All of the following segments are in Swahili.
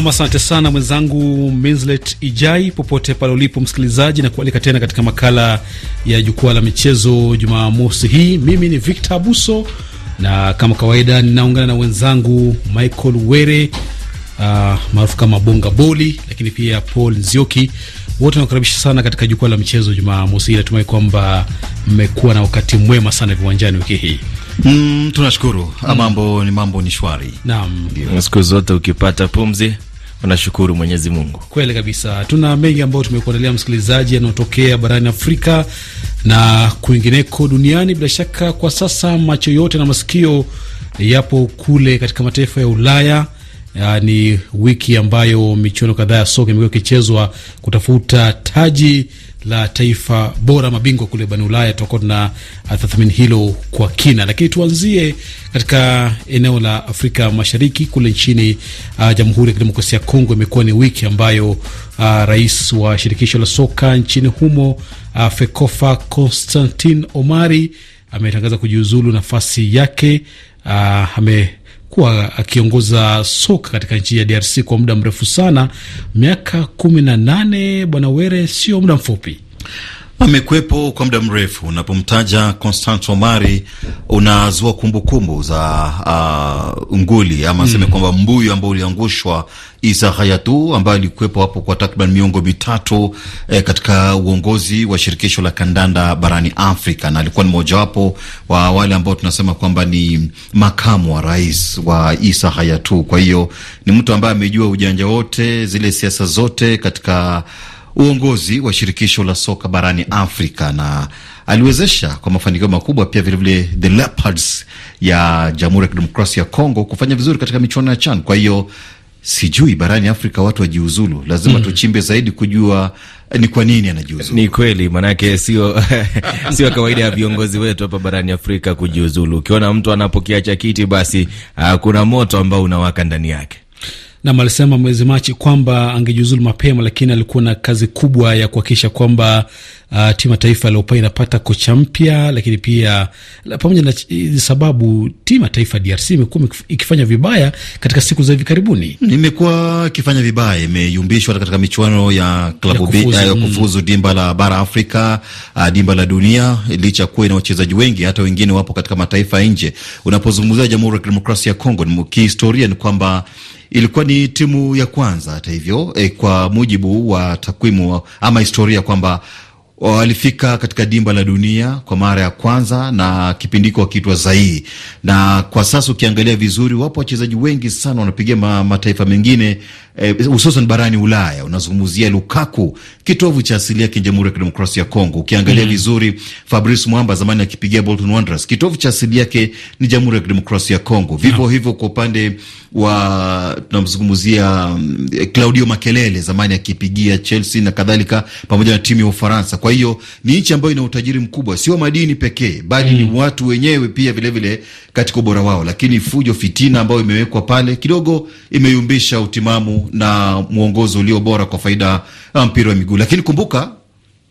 Nam, asante sana mwenzangu Minslet Ijai, popote pale ulipo msikilizaji, na kualika tena katika makala ya jukwaa la michezo Jumamosi hii. Mimi ni Victor Abuso na kama kawaida ninaungana na wenzangu Michael Were uh, maarufu kama Bonga Boli, lakini pia Paul Nzioki. Wote nakukaribisha sana katika jukwaa la michezo Jumamosi hii. Natumai kwamba mmekuwa na wakati mwema sana viwanjani wiki hii. Mm, tunashukuru. Ah, mm. Mambo Mm. ni mambo ni shwari. Naam. Siku zote ukipata pumzi Nashukuru Mwenyezi Mungu. Kweli kabisa, tuna mengi ambayo tumekuandalia msikilizaji, yanayotokea barani Afrika na kwingineko duniani. Bila shaka, kwa sasa macho yote na masikio yapo kule katika mataifa ya Ulaya. Ni wiki ambayo michuano kadhaa ya soka imekuwa ikichezwa kutafuta taji la taifa bora mabingwa kule barani Ulaya. Tutakuwa tuna uh, tathmini hilo kwa kina, lakini tuanzie katika eneo la Afrika Mashariki kule nchini uh, Jamhuri ya Kidemokrasia ya Kongo. Imekuwa ni wiki ambayo uh, rais wa shirikisho la soka nchini humo uh, FEKOFA Constantin Omari ametangaza kujiuzulu nafasi yake. Uh, ame kuwa akiongoza soka katika nchi ya DRC kwa muda mrefu sana, miaka kumi na nane. Bwana Were, sio muda mfupi amekuwepo kwa muda mrefu. Unapomtaja Constant Omari unazua kumbukumbu za uh, nguli ama seme mm, kwamba mbuyu ambao uliangushwa Isa Hayatu ambayo alikuwepo hapo kwa takriban miongo mitatu eh, katika uongozi wa shirikisho la kandanda barani Afrika, na alikuwa ni mojawapo wa wale ambao tunasema kwamba ni makamu wa rais wa Isa Hayatu. Kwa hiyo ni mtu ambaye amejua ujanja wote, zile siasa zote katika uongozi wa shirikisho la soka barani Afrika na aliwezesha kwa mafanikio makubwa pia vilevile vile the Leopards ya Jamhuri ya Kidemokrasia ya Kongo kufanya vizuri katika michuano ya CHAN. Kwa hiyo sijui barani Afrika watu wajiuzulu, lazima mm, tuchimbe zaidi kujua eh, ni kwa nini anajiuzulu. Ni kweli maanake sio sio kawaida ya viongozi wetu hapa barani Afrika kujiuzulu. Ukiona mtu anapokiacha kiti, basi uh, kuna moto ambao unawaka ndani yake. Nam alisema mwezi Machi kwamba angejiuzulu mapema, lakini alikuwa na kazi kubwa ya kuhakikisha kwamba uh, timu ya taifa leopa inapata kocha mpya, lakini pia pamoja na sababu, timu ya taifa DRC imekuwa ikifanya vibaya katika siku za hivi karibuni, imekuwa ikifanya vibaya, imeyumbishwa katika michuano ya klabu ya kufuzu, eh, mm. ya kufuzu dimba la bara Afrika, uh, dimba la dunia, licha kuwa ina wachezaji wengi, hata wengine wapo katika mataifa ya nje. Unapozungumzia Jamhuri ya Kidemokrasia ya Kongo, kihistoria ni kwamba ilikuwa ni timu ya kwanza, hata hivyo, eh, kwa mujibu wa takwimu ama historia kwamba walifika katika dimba la dunia kwa mara ya kwanza na kipindiko wakiitwa Zaii, na kwa sasa ukiangalia vizuri, wapo wachezaji wengi sana wanapigia ma, mataifa mengine eh, hususan e, barani Ulaya. Unazungumzia Lukaku, kitovu cha asili yake Jamhuri ya Kidemokrasia ya Kongo. Ukiangalia mm -hmm. vizuri, Fabrice Mwamba zamani akipigia Bolton Wanderers, kitovu cha asili yake ni Jamhuri ya Kidemokrasia ya Kongo. Vivyo yeah. hivyo kwa upande wa tunamzungumzia eh, Claudio Makelele zamani akipigia Chelsea na kadhalika, pamoja na timu ya Ufaransa kwa kwa hiyo ni nchi ambayo ina utajiri mkubwa, sio madini pekee, bali mm. ni watu wenyewe pia vilevile katika ubora wao. Lakini fujo, fitina ambayo imewekwa pale kidogo imeyumbisha utimamu na mwongozo ulio bora kwa faida ya ah, mpira wa miguu. Lakini kumbuka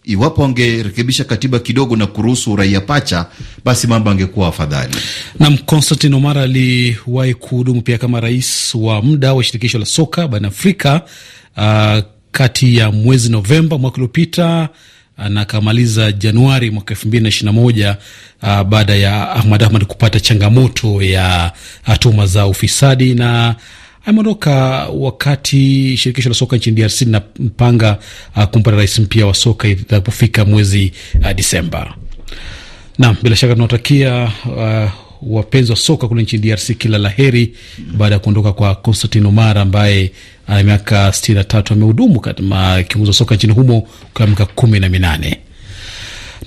iwapo wangerekebisha katiba kidogo na kuruhusu uraia pacha, basi mambo angekuwa afadhali. Nam Constantin Omar aliwahi kuhudumu pia kama rais wa muda wa shirikisho la soka barani Afrika uh, kati ya mwezi Novemba mwaka uliopita Ah, na akamaliza Januari mwaka elfu mbili na ishirini na moja uh, baada ya Ahmad Ahmad kupata changamoto ya hatuma ah, za ufisadi na ameondoka wakati shirikisho la soka nchini DRC linampanga uh, kumpata rais mpya wa soka itakapofika mwezi uh, Disemba. Naam, bila shaka tunawatakia uh, wapenzi wa soka kule nchini DRC kila laheri baada ya kuondoka kwa Constantine Omar ambaye ana miaka 63 amehudumu kama kiongozi wa soka nchini humo kwa miaka kumi na minane.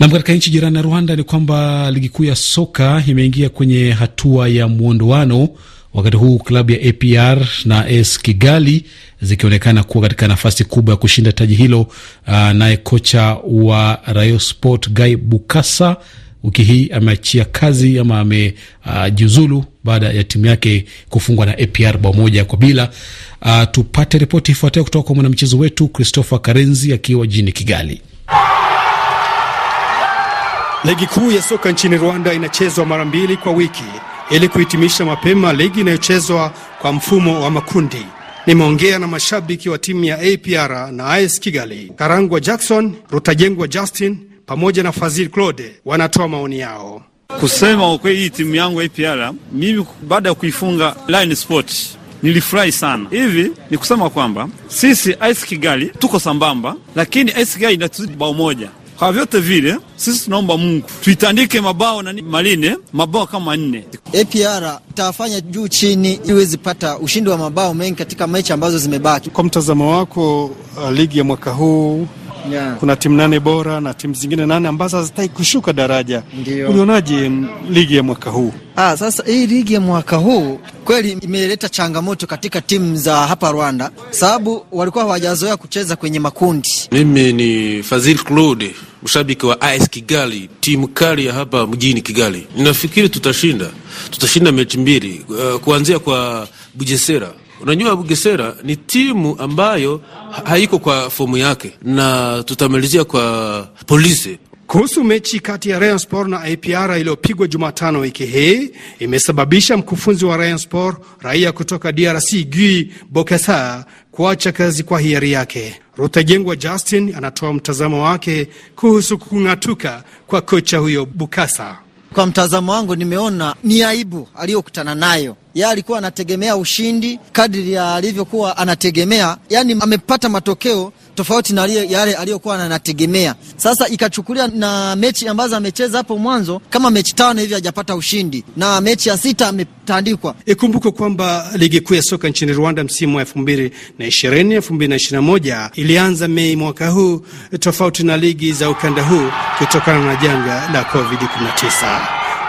Nam, katika nchi jirani ya Rwanda ni kwamba ligi kuu ya soka imeingia kwenye hatua ya mwondoano, wakati huu klabu ya APR na AS Kigali zikionekana kuwa katika nafasi kubwa ya kushinda taji hilo. naye kocha wa Rayo Sport Guy Bukasa wiki hii ameachia kazi ama amejiuzulu uh, baada ya timu yake kufungwa na APR bao moja kwa bila. Uh, tupate ripoti ifuatayo kutoka kwa mwanamchezo wetu Christopher Karenzi akiwa jijini Kigali. Ligi kuu ya soka nchini Rwanda inachezwa mara mbili kwa wiki ili kuhitimisha mapema ligi inayochezwa kwa mfumo wa makundi. Nimeongea na mashabiki wa timu ya APR na AS Kigali. Karangwa Jackson, Rutajengwa Justin pamoja na Fazil Claude wanatoa maoni yao. Kusema ukweli, hii timu yangu ya APR mimi baada ya kuifunga Line Sport nilifurahi sana. Hivi ni kusema kwamba sisi Ice Kigali tuko sambamba, lakini Ice Kigali inatuzidi bao moja. Kwa vyote vile sisi tunaomba Mungu tuitandike mabao na Maline mabao kama nne. APR tafanya juu chini iwezi pata ushindi wa mabao mengi katika mechi ambazo zimebaki. Kwa mtazamo wako, uh, ligi ya mwaka huu yeah. Kuna timu nane bora na timu zingine nane ambazo hazitaki kushuka daraja. Ulionaje ligi ya mwaka huu? Ah, sasa hii ligi ya mwaka huu kweli imeleta changamoto katika timu za hapa Rwanda, sababu walikuwa hawajazoea kucheza kwenye makundi. Mimi ni Fazil Claude, mshabiki wa is Kigali, timu kali ya hapa mjini Kigali. Ninafikiri tutashinda, tutashinda mechi mbili, uh, kuanzia kwa Bujesera Unajua, Bugesera ni timu ambayo haiko kwa fomu yake, na tutamalizia kwa polisi. Kuhusu mechi kati ya Rayon Sport na APR iliyopigwa Jumatano wiki hii imesababisha mkufunzi wa Rayon Sport raia kutoka DRC gui Bokesa kuacha kazi kwa hiari yake. Rutajengwa Justin anatoa mtazamo wake kuhusu kung'atuka kwa kocha huyo Bukasa. Kwa mtazamo wangu, nimeona ni aibu aliyokutana nayo. ya alikuwa anategemea ushindi kadri ya alivyokuwa anategemea, yani amepata matokeo tofauti na yale aliyokuwa anategemea. Sasa ikachukulia na mechi ambazo amecheza hapo mwanzo kama mechi tano hivi hajapata ushindi na mechi ya sita ametandikwa. Ikumbuke kwamba ligi kuu ya soka nchini Rwanda msimu wa 2020 2021 ilianza Mei mwaka huu, tofauti na ligi za ukanda huu kutokana na janga la COVID-19.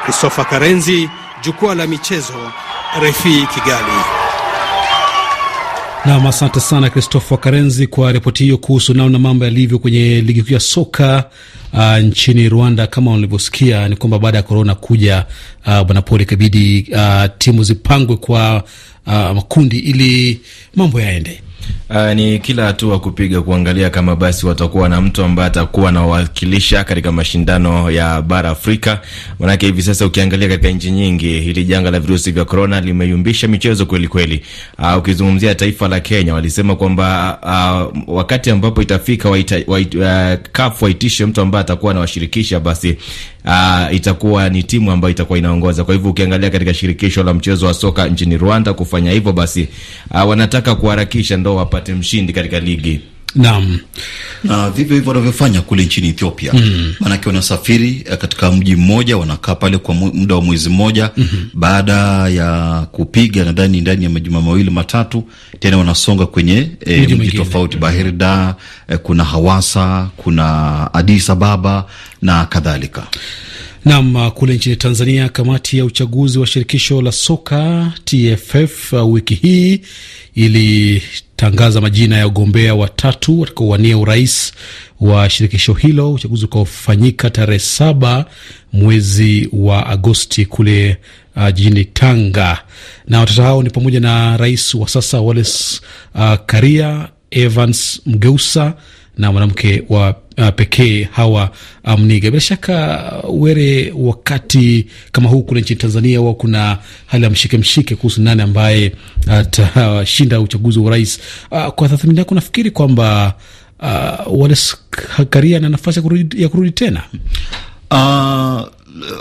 Christopher Karenzi, jukwaa la michezo, RFI Kigali. Nam, asante sana Christopher Karenzi kwa ripoti hiyo kuhusu namna mambo yalivyo kwenye ligi kuu ya soka uh, nchini Rwanda. Kama ulivyosikia ni kwamba baada ya korona kuja, uh, bwana ikabidi uh, timu zipangwe kwa uh, makundi ili mambo yaende. Uh, ni kila hatua kupiga kuangalia kama basi watakuwa na mtu ambaye atakuwa anawakilisha katika mashindano ya bara Afrika. Maanake hivi sasa ukiangalia katika nchi nyingi, hili janga la virusi vya korona limeyumbisha michezo kweli kweli. Uh, ukizungumzia taifa la Kenya walisema kwamba uh, wakati ambapo itafika waita, wait, uh, CAF waitishe mtu ambaye atakuwa anawashirikisha, basi uh, itakuwa ni timu ambayo itakuwa inaongoza. Kwa hivyo ukiangalia katika shirikisho la mchezo wa soka nchini Rwanda kufanya hivyo, basi uh, wanataka kuharakisha ndo wapate mshindi katika ligi. Naam. Na ah, vivyo hivyo wanavyofanya kule nchini Ethiopia mm. Maanake wanasafiri eh, katika mji mmoja, wanakaa pale kwa muda wa mwezi mmoja mm -hmm. Baada ya kupiga nadhani ndani ya majuma mawili matatu, tena wanasonga kwenye e, eh, mji, mji tofauti bahirda hmm. e, eh, kuna Hawasa, kuna Addis Ababa na kadhalika. Nam, ah, kule nchini Tanzania, kamati ya uchaguzi wa shirikisho la soka TFF ah, wiki hii ili tangaza majina ya wagombea watatu watakaowania urais wa shirikisho hilo, uchaguzi ukaofanyika tarehe saba mwezi wa Agosti kule uh, jijini Tanga. Na watatu hao ni pamoja na rais wa sasa Wallace uh, Karia, Evans Mgeusa na mwanamke wa uh, pekee hawa uh, Mniga. Bila shaka uh, Were, wakati kama huu kule nchini Tanzania huwa kuna hali ya mshike mshike kuhusu nani ambaye atashinda uh, uchaguzi wa urais. Uh, kwa tathmini yako nafikiri kwamba uh, wale na nafasi ya kurudi, ya kurudi tena uh...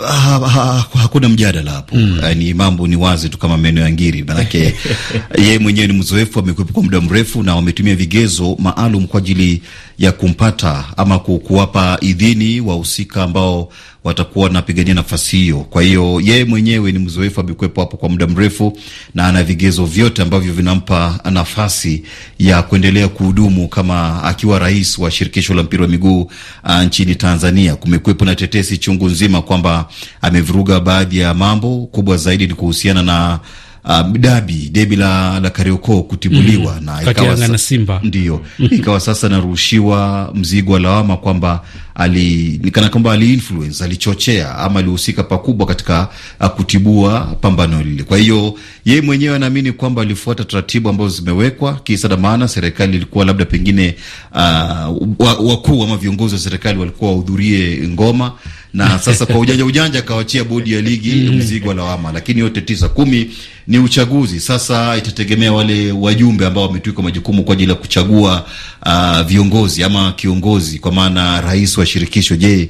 Ha, ha, hakuna mjadala hapo mm. Ni mambo ni wazi tu kama meno ya ngiri, manake yeye mwenyewe ni mzoefu, amekuwepo kwa muda mrefu na wametumia vigezo maalum kwa ajili ya kumpata ama kuwapa idhini wahusika ambao watakuwa wanapigania nafasi hiyo. Kwa hiyo yeye mwenyewe ni mzoefu, amekuwepo hapo kwa muda mrefu na ana vigezo vyote ambavyo vinampa nafasi ya kuendelea kuhudumu kama akiwa rais wa shirikisho la mpira wa miguu uh, nchini Tanzania. Kumekuwepo na tetesi chungu nzima kwamba amevuruga baadhi ya mambo, kubwa zaidi ni kuhusiana na um, dabi debi la, la Kariakoo kutibuliwa mm, mm-hmm. na ikawa sa, na Simba ndio mm-hmm. ikawa sasa narushiwa mzigo wa lawama kwamba ali nikana kwamba ali influence alichochea ama alihusika pakubwa katika uh, kutibua pambano lile. Kwa hiyo yeye mwenyewe anaamini kwamba alifuata taratibu ambazo zimewekwa kisa na maana. Serikali ilikuwa labda pengine uh, wakuu ama viongozi wa serikali walikuwa wahudhurie ngoma na sasa kwa ujanja ujanja akawachia bodi ya ligi mm-hmm. mzigo wa lawama, lakini yote tisa kumi ni uchaguzi. Sasa itategemea wale wajumbe ambao wametwikwa majukumu kwa ajili ya kuchagua uh, viongozi ama kiongozi kwa maana rais wa shirikisho. Je,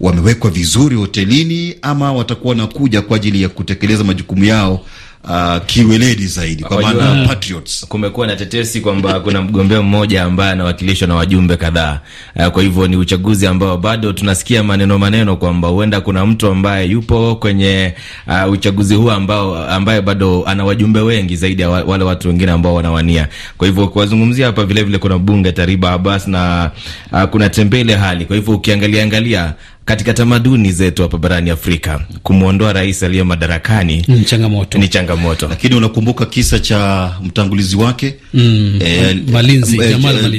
wamewekwa vizuri hotelini ama watakuwa wanakuja kwa ajili ya kutekeleza majukumu yao uh, kiweledi zaidi kwa maana mm. patriots. Kumekuwa na tetesi kwamba kuna mgombea mmoja ambaye anawakilishwa na wajumbe kadhaa. Uh, kwa hivyo ni uchaguzi ambao bado tunasikia maneno maneno kwamba huenda kuna mtu ambaye yupo kwenye uh, uchaguzi huu ambao ambaye bado ana wajumbe wengi zaidi ya wale watu wengine ambao wanawania. Kwa hivyo kuwazungumzia hapa vile vile kuna bunge Tariba Abbas na uh, kuna Tembele Hali. Kwa hivyo ukiangalia angalia katika tamaduni zetu hapa barani Afrika kumwondoa rais aliye madarakani changamoto. ni changamoto lakini unakumbuka kisa cha mtangulizi wake mm, eh, eh, eh, Malinzi,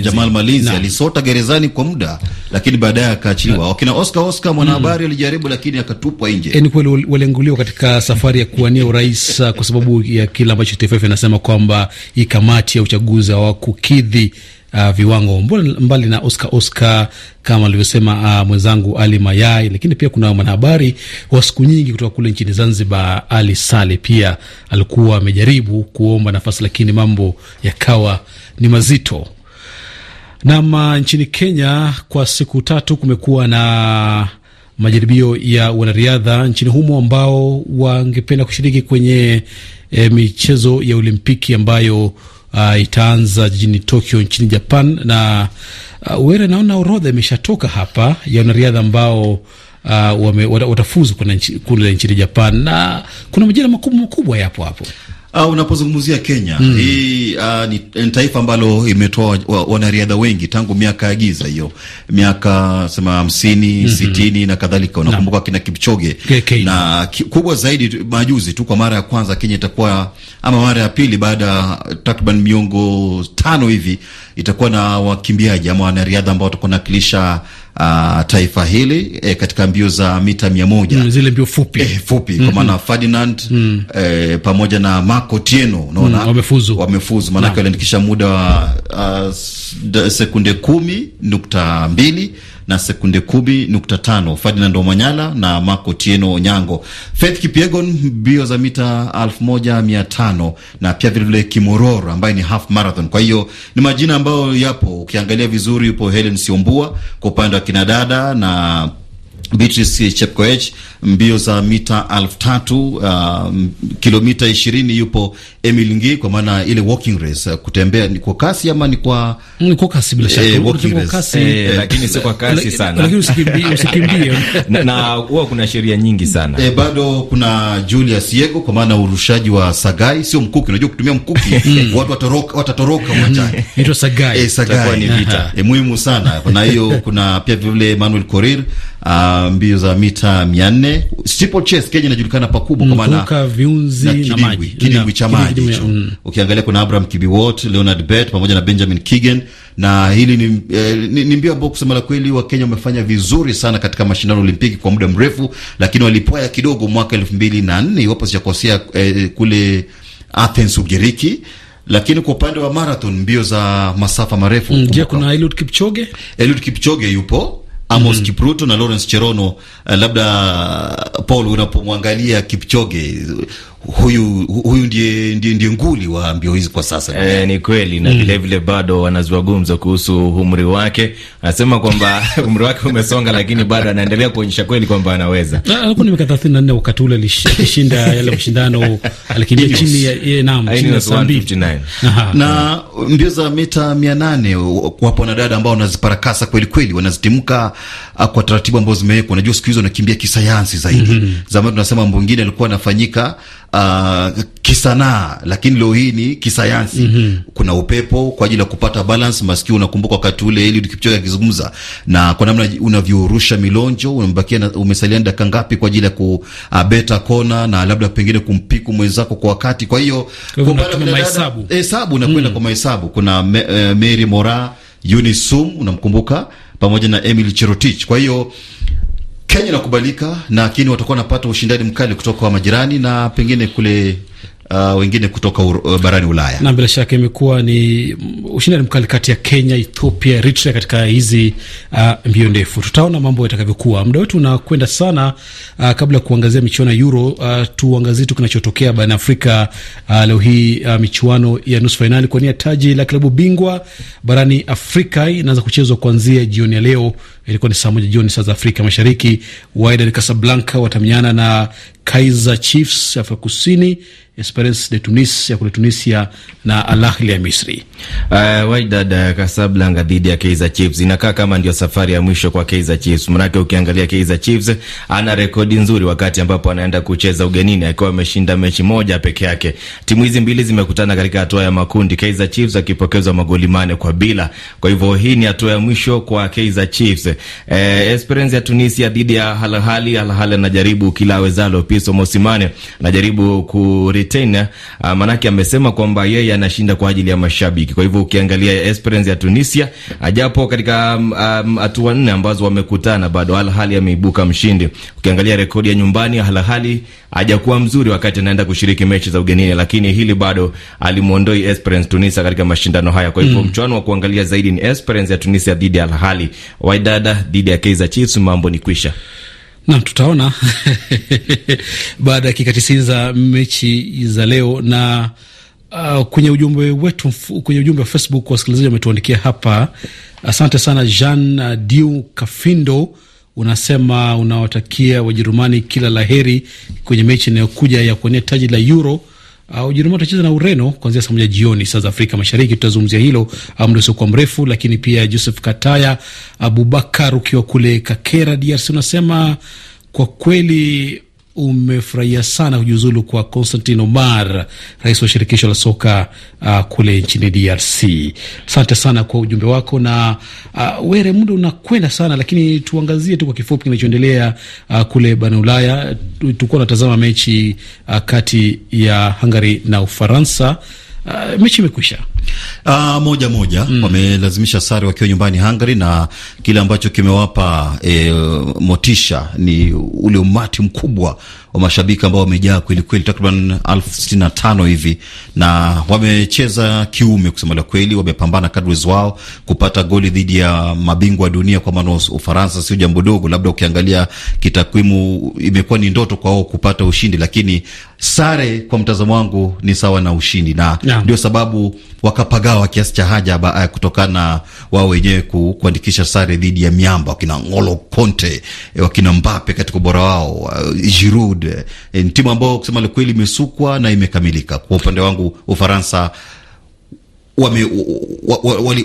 Jamal Malinzi, alisota gerezani kwa muda lakini baadaye akaachiliwa. Wakina Oscar Oscar mwanahabari mm, alijaribu lakini akatupwa nje. Ni kweli walianguliwa katika safari ya kuwania urais uh, kwa sababu ya kile ambacho TFF inasema kwamba hii kamati ya uchaguzi hawakukidhi uh, viwango mbali na Oscar Oscar kama alivyosema uh, mwenzangu Ali Mayai, lakini pia kuna mwanahabari wa siku nyingi kutoka kule nchini Zanzibar, Ali Sale, pia alikuwa amejaribu kuomba nafasi, lakini mambo yakawa ni mazito. Nam, uh, nchini Kenya kwa siku tatu kumekuwa na majaribio ya wanariadha nchini humo ambao wangependa kushiriki kwenye e, michezo ya Olimpiki ambayo uh, itaanza jijini Tokyo nchini Japan na uh, ah, wera naona orodha imeshatoka hapa ya wanariadha ambao Uh, watafuzu kule nchini Japan na kuna majina makubwa makubwa yapo hapo. Uh, unapozungumzia Kenya mm. hii uh, ni taifa ambalo imetoa wanariadha wengi tangu miaka ya giza hiyo, miaka sema hamsini mm -hmm. sitini na kadhalika. Unakumbuka kina Kipchoge na kubwa zaidi majuzi tu, kwa mara ya kwanza Kenya itakuwa ama mara ya pili baada ya takriban miongo tano hivi itakuwa na wakimbiaji ama wanariadha ambao watakuwa nawakilisha uh, taifa hili eh, katika mbio za mita mia moja mm, zile mbio fupi eh, fupi mm -hmm. kwa mm-hmm. maana Ferdinand mm. eh, pamoja na Marco Tieno unaona mm, wamefuzu wamefuzu, maanake waliandikisha muda wa uh, sekunde kumi nukta mbili na sekunde kumi nukta tano. Ferdinand Omanyala na Marco Tieno Onyango. Faith Kipyegon mbio za mita elfu moja mia tano na pia vilevile Kimororo ambaye ni half marathon. Kwa hiyo ni majina ambayo yapo, ukiangalia vizuri, yupo Helen Siombua kwa upande wa kinadada na Beatrice Chepkoech mbio za mita elfu tatu uh, kilomita ishirini yupo Emil Ngi, kwa maana ile walking race uh, kutembea ni kwa kasi ama ni kwa ni kwa kasi bila eh, shaka, eh, walking race kasi eh, eh, lakini sio kwa kasi sana, lakini usikimbie, usikimbie na huwa kuna sheria nyingi sana eh, bado kuna Julius Yego kwa maana urushaji wa sagai, sio mkuki. Unajua kutumia mkuki hmm. watu watoroka watatoroka hmm. uwanjani, ndio sagai, e, sagai ni vita e, muhimu sana. Kuna hiyo kuna pia vile Emmanuel Korir Ah, mbio za mita 400 steeple chase. Kenya inajulikana pakubwa kwa maana ya viunzi na maji, kidimbwi cha maji mm. Ukiangalia kuna Abraham Kibiwot, Leonard Bett pamoja na Benjamin Kigen, na hili ni, eh, ni, ni mbio ambao kusema la kweli wa Kenya wamefanya vizuri sana katika mashindano Olimpiki kwa muda mrefu, lakini walipoya kidogo mwaka elfu mbili na nne iwapo sijakosea, eh, kule Athens Ugiriki lakini kwa upande wa marathon, mbio za masafa marefu, mm, je, kuna Eliud Kipchoge? Eliud Kipchoge yupo Amos mm -hmm. Kipruto na Lawrence Cherono. Uh, labda Paul, unapomwangalia Kipchoge huyu huyu ndiye, ndiye, ndiye nguli wa mbio hizi kwa sasa. E, ni kweli na hmm. vile mm. Vile bado wanazua kuhusu umri wake, anasema kwamba umri wake umesonga, lakini bado anaendelea kuonyesha kweli kwamba anaweza. Ah, alikuwa na miaka 34 wakati ule alishinda yale mashindano, alikimbia chini ya yeye, naam, chini ya 159 na mbio za mita 800. kwa Wapo dada ambao wanaziparakasa kweli kweli, wanazitimka ah, kwa taratibu ambazo zimewekwa. Unajua siku hizo wanakimbia kisayansi zaidi. mm -hmm. Zamani tunasema mambo alikuwa anafanyika uh, kisanaa, lakini leo hii ni kisayansi. mm -hmm. Kuna upepo kwa ajili ya kupata balance masikio. Unakumbuka wakati ule Eliud Kipchoge akizungumza, na kwa namna unavyorusha milonjo, unambakia na umesalia dakika ngapi kwa ajili ya kubeta uh, kona na labda pengine kumpiku mwenzako kwa wakati. Kwa hiyo hesabu unakwenda mm. kwa mahesabu. Kuna me, uh, Mary Mora Yunisum unamkumbuka, pamoja na Emil Cherotich. Kwa hiyo Kenya inakubalika, lakini watakuwa wanapata ushindani mkali kutoka kwa majirani na pengine kule Uh, wengine kutoka uh, barani Ulaya na bila shaka imekuwa ni ushindani mkali kati ya Kenya, Ethiopia, Eritrea katika hizi uh, mbio ndefu. Tutaona mambo yatakavyokuwa. Muda wetu unakwenda sana. Uh, kabla ya kuangazia michuano ya Euro uh, tuangazie tu kinachotokea barani Afrika uh, leo hii uh, michuano ya nusu fainali kwa nia taji la klabu bingwa barani Afrika inaanza kuchezwa kuanzia jioni ya leo ilikuwa ni saa moja jioni saa za Afrika Mashariki. Wydad Casablanca watamenyana na Kaiser Chiefs ya Afrika Kusini, Esperance de Tunis ya kule Tunisia na Al Ahly ya Misri. Uh, Wydad Casablanca dhidi ya Kaiser Chiefs inakaa kama ndio safari ya mwisho kwa Kaiser Chiefs, manake ukiangalia Kaiser Chiefs ana rekodi nzuri wakati ambapo anaenda kucheza ugenini akiwa ameshinda mechi moja peke yake. Timu hizi mbili zimekutana katika hatua ya makundi, Kaiser Chiefs akipokezwa magoli mane kwa bila. Kwa hivyo hii ni hatua ya mwisho kwa Kaiser Chiefs. Eh, Esperance ya Tunisia dhidi ya Al Ahly. Al Ahly anajaribu kila awezalo, Piso Mosimane anajaribu ku retain, uh, manake amesema kwamba yeye anashinda kwa ajili ya mashabiki. Kwa hivyo ukiangalia Esperance ya Tunisia ajapo katika um, hatua um, nne ambazo wamekutana bado Al Ahly ameibuka mshindi. Ukiangalia rekodi ya nyumbani Al Ahly hajakuwa mzuri wakati anaenda kushiriki mechi za ugenini, lakini hili bado alimuondoi Esperance Tunisia katika mashindano haya. Kwa hivyo mm, mchuano wa kuangalia zaidi ni Esperance ya Tunisia dhidi ya Al Ahly. Wydad dada dhidi ya Kaizer Chiefs, mambo ni kwisha Nam, tutaona baada ya dakika tisini za mechi za leo na uh, kwenye ujumbe wetu kwenye ujumbe wa Facebook wasikilizaji wametuandikia hapa. Asante sana Jean uh, Diu Kafindo, unasema unawatakia Wajerumani kila laheri kwenye mechi inayokuja ya kuonea taji la Euro Uh, Ujerumani utacheza na Ureno kuanzia saa moja jioni saa za Afrika Mashariki. Tutazungumzia hilo muda usiokuwa mrefu, lakini pia Joseph Kataya Abubakar, ukiwa kule Kakera DRC, unasema kwa kweli umefurahia sana kujiuzulu kwa Constantin Omar, rais wa shirikisho la soka uh, kule nchini DRC. Asante sana kwa ujumbe wako na uh, Were, muda unakwenda sana, lakini tuangazie tu kwa kifupi kinachoendelea uh, kule barani Ulaya. Tulikuwa unatazama mechi uh, kati ya Hungary na Ufaransa. Uh, mechi imekwisha Uh, moja moja mm. Wamelazimisha sare wakiwa nyumbani Hungary, na kile ambacho kimewapa e, motisha ni ule umati mkubwa wa mashabiki ambao wamejaa kweli kweli, takriban elfu sitini na tano hivi, na wamecheza kiume, kusema la kweli, wamepambana kadri zao Kupata goli dhidi ya mabingwa wa dunia kwa maana Ufaransa sio jambo dogo, labda ukiangalia kitakwimu imekuwa ni ndoto kwao kupata ushindi, lakini sare kwa mtazamo wangu ni sawa na ushindi, na ndio sababu wakapagawa kiasi cha haja ba, eh, kutokana wao wenyewe kuandikisha sare dhidi ya miamba, wakina Ngolo Conte, eh, wakina Mbappe katika ubora wao, eh, Giroud. Ni timu ambayo kusema la kweli imesukwa na imekamilika. Kwa upande wangu Ufaransa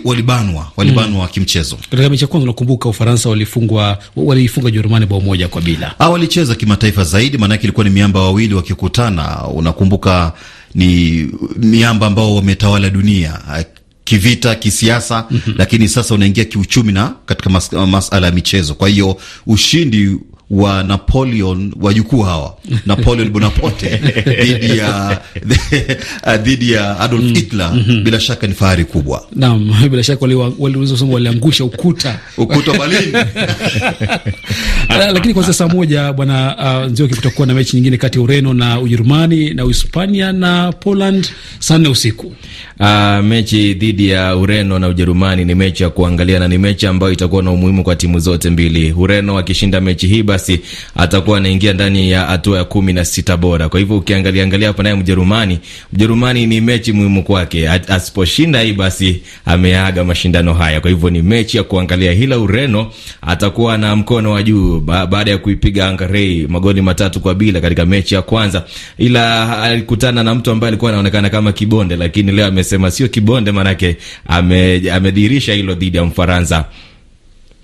walibanwa walibanwa hmm. kimchezo. Katika mechi ya kwanza unakumbuka, Ufaransa walifungwa waliifunga bao moja kwa bila. walicheza kimataifa zaidi, maanake ilikuwa ni miamba wawili wakikutana. Unakumbuka ni miamba ambao wametawala dunia eh, kivita, kisiasa mm -hmm. Lakini sasa unaingia kiuchumi na katika mas, masala ya michezo. Kwa hiyo ushindi wa Napoleon wajukuu hawa Napoleon Bonaparte dhidi ya dhidi ya Adolf mm. Hitler mm -hmm. Bila shaka ni fahari kubwa. Naam, bila shaka waliweza kusema waliangusha ukuta ukuta Berlin. Lakini kwanza saa moja bwana uh, Nzioki, kutakuwa na mechi nyingine kati ya Ureno na Ujerumani na Uhispania na Poland saa nne usiku. Uh, mechi dhidi ya Ureno na Ujerumani ni mechi ya kuangalia na ni mechi ambayo itakuwa na umuhimu kwa timu zote mbili. Ureno akishinda mechi hii basi atakuwa anaingia ndani ya hatua ya kumi na sita bora. Kwa hivyo ukiangalia angalia hapa naye Mjerumani, Mjerumani ni mechi muhimu kwake, asiposhinda hii basi ameaga mashindano haya. Kwa hivyo ni mechi ya kuangalia, hila Ureno atakuwa na mkono wa juu ba baada ya kuipiga Angarei magoli matatu kwa bila katika mechi ya kwanza, ila alikutana na mtu ambaye alikuwa anaonekana kama kibonde, lakini leo amesema sio kibonde, maanake amedirisha ame hilo dhidi ya Mfaransa.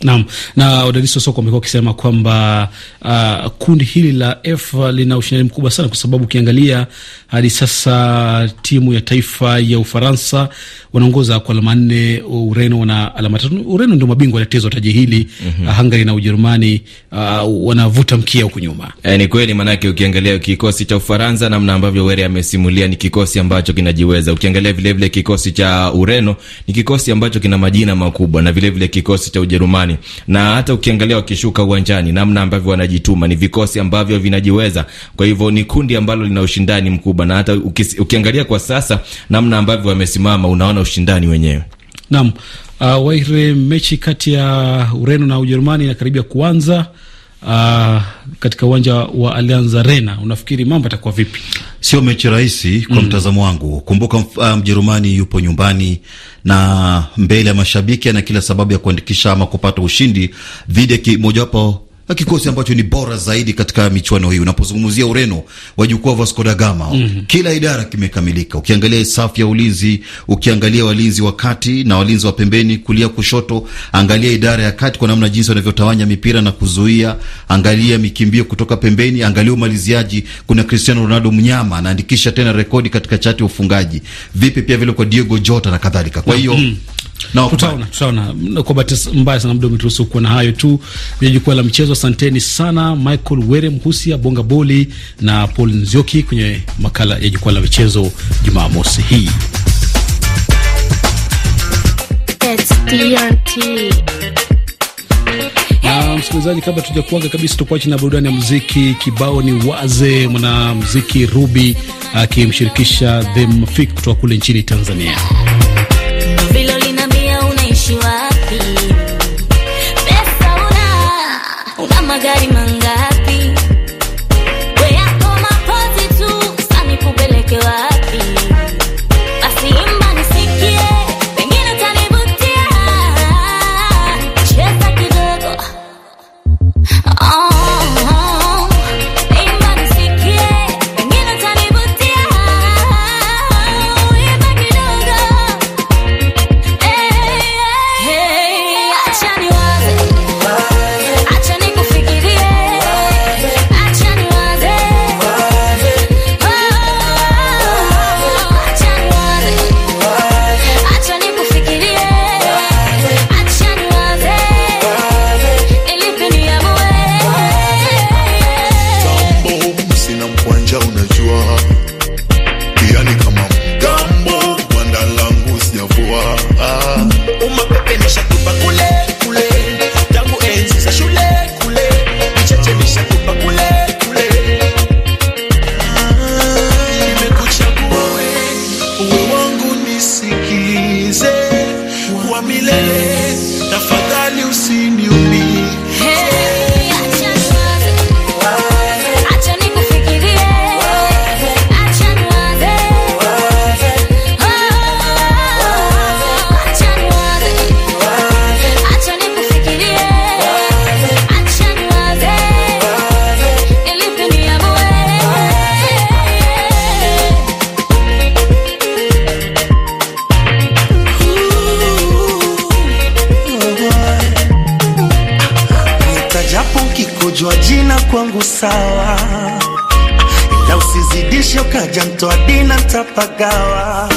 Naam, na wadadisi wa soko wamekuwa wakisema kwamba uh, kundi hili la F lina ushindani mkubwa sana, kwa sababu ukiangalia hadi sasa timu ya taifa ya Ufaransa wanaongoza kwa alama nne, Ureno wana alama tatu. Ureno ndio mabingwa watetezi wa taji hili mm -hmm. Hungary na Ujerumani uh, wanavuta mkia huku nyuma. E, ni kweli, maanake ukiangalia kikosi cha Ufaransa namna ambavyo Were amesimulia ni kikosi ambacho kinajiweza. Ukiangalia vilevile kikosi cha Ureno ni kikosi ambacho kina majina makubwa na vilevile kikosi cha Ujerumani uwanjani, na hata ukiangalia wakishuka uwanjani, namna ambavyo wanajituma, ni vikosi ambavyo vinajiweza. Kwa hivyo ni kundi ambalo lina ushindani mkubwa, na hata ukiangalia kwa sasa namna ambavyo wamesimama, unaona ushindani wenyewe. Naam, uh, ah, Waire, mechi kati ya Ureno na Ujerumani inakaribia kuanza. Uh, katika uwanja wa Allianz Arena unafikiri mambo atakuwa vipi? Sio mechi rahisi kwa mm, mtazamo wangu. Kumbuka ah, Mjerumani um, yupo nyumbani na mbele ya mashabiki, ana kila sababu ya kuandikisha ama kupata ushindi dhidi ya mojawapo na kikosi ambacho ni bora zaidi katika michuano hii. Unapozungumzia Ureno, wajukuu wa Vasco da Gama, mm -hmm. kila idara kimekamilika. Ukiangalia safu ya ulinzi, ukiangalia walinzi wa kati na walinzi wa pembeni, kulia kushoto, angalia idara ya kati kwa namna jinsi wanavyotawanya mipira na kuzuia, angalia mikimbio kutoka pembeni, angalia umaliziaji. Kuna Cristiano Ronaldo mnyama, anaandikisha tena rekodi katika chati ya ufungaji. Vipi pia vile kwa Diego Jota na kadhalika. Kwa mhm. hiyo mm -hmm. No, tutaona tutaona. Kwa bahati mbaya sana muda umeturuhusu kuwa na hayo tu kwenye jukwaa la michezo. Asanteni sana Michael Were Mhusia Bonga Boli na Paul Nzioki kwenye makala ya jukwaa la michezo Jumamosi hii. msikilizaji, kabla tuja kuaga kabisa, tukuache na burudani ya muziki. Kibao ni waze mwanamuziki Ruby akimshirikisha The Mafik kutoka kule nchini Tanzania. Tá da fatalha o sininho. pagawa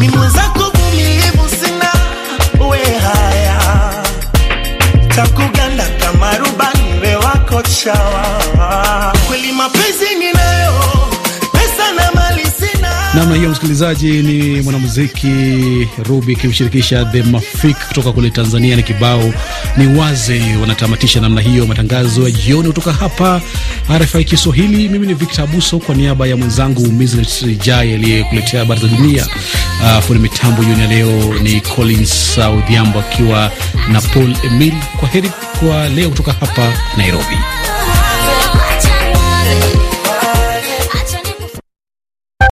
mimi mwenzako vumilivu sina we haya takuganda kama rubani we wako kweli mapenzi ninayo namna hiyo. Msikilizaji, ni mwanamuziki Ruby akimshirikisha The Mafik kutoka kule Tanzania, na kibao ni waze. Wanatamatisha namna hiyo matangazo ya jioni kutoka hapa RFI Kiswahili. Mimi ni Victor Abuso kwa niaba ya mwenzangu jai aliyekuletea habari za dunia. Uh, fundi mitambo jioni ya leo ni Collins Saudhiambo akiwa na Paul Emil. Kwa heri kwa leo kutoka hapa Nairobi.